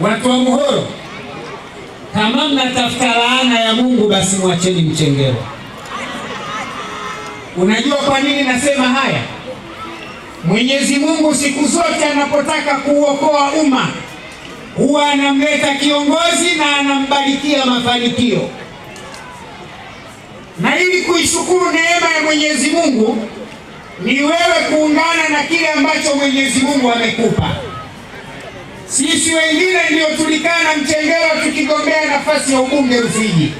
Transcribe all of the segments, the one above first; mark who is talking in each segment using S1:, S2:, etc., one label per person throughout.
S1: watu wa Muhoro, kama mnatafuta laana ya Mungu basi mwacheni Mchengerwa. Unajua kwa nini nasema haya? Mwenyezi Mungu siku zote anapotaka kuuokoa umma huwa anamleta kiongozi na anambarikia mafanikio, na ili kuishukuru neema ya Mwenyezi Mungu ni wewe kuungana na kile ambacho Mwenyezi Mungu amekupa sisi wengine niliyotulikana Mchengerwa tukigombea nafasi ya ubunge Rufiji,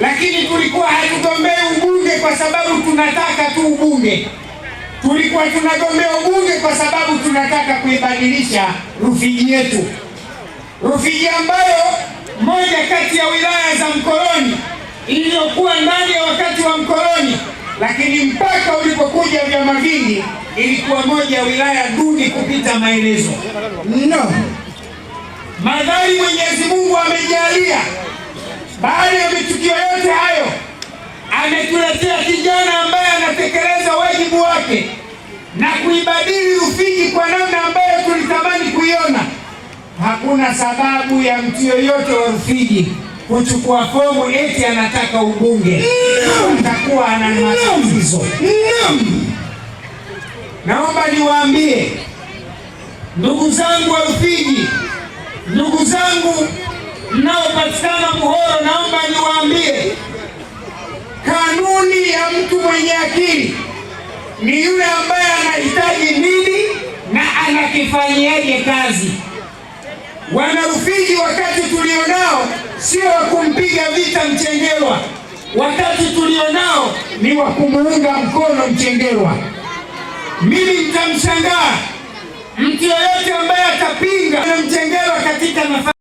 S1: lakini tulikuwa hatugombei ubunge kwa sababu tunataka tu ubunge. Tulikuwa tunagombea ubunge kwa sababu tunataka kuibadilisha Rufiji yetu, Rufiji ambayo moja kati ya wilaya za mkoloni iliyokuwa ndani ya wakati wa mkoloni lakini mpaka ulipokuja vyama vingi ilikuwa moja ya wilaya duni kupita maelezo no. Madhari Mwenyezi Mungu amejalia, baada ya matukio yote hayo, ametuletea kijana ambaye anatekeleza wajibu wake na kuibadili Rufiji kwa namna ambayo tulitamani kuiona. Hakuna sababu ya mtu yoyote wa Rufiji kuchukua fomu eti anataka ubunge, atakuwa ana matatizo. Naomba niwaambie ndugu zangu wa Rufiji, ndugu zangu mnaopatikana Muhoro, naomba niwaambie kanuni ya mtu mwenye akili ni yule ambaye anahitaji nini na anakifanyiaje kazi. Wanarufiji, wakati tulionao sio wa kumpiga vita Mchengerwa. Wakati tulionao ni wa kumuunga mkono Mchengerwa. Mimi nitamshangaa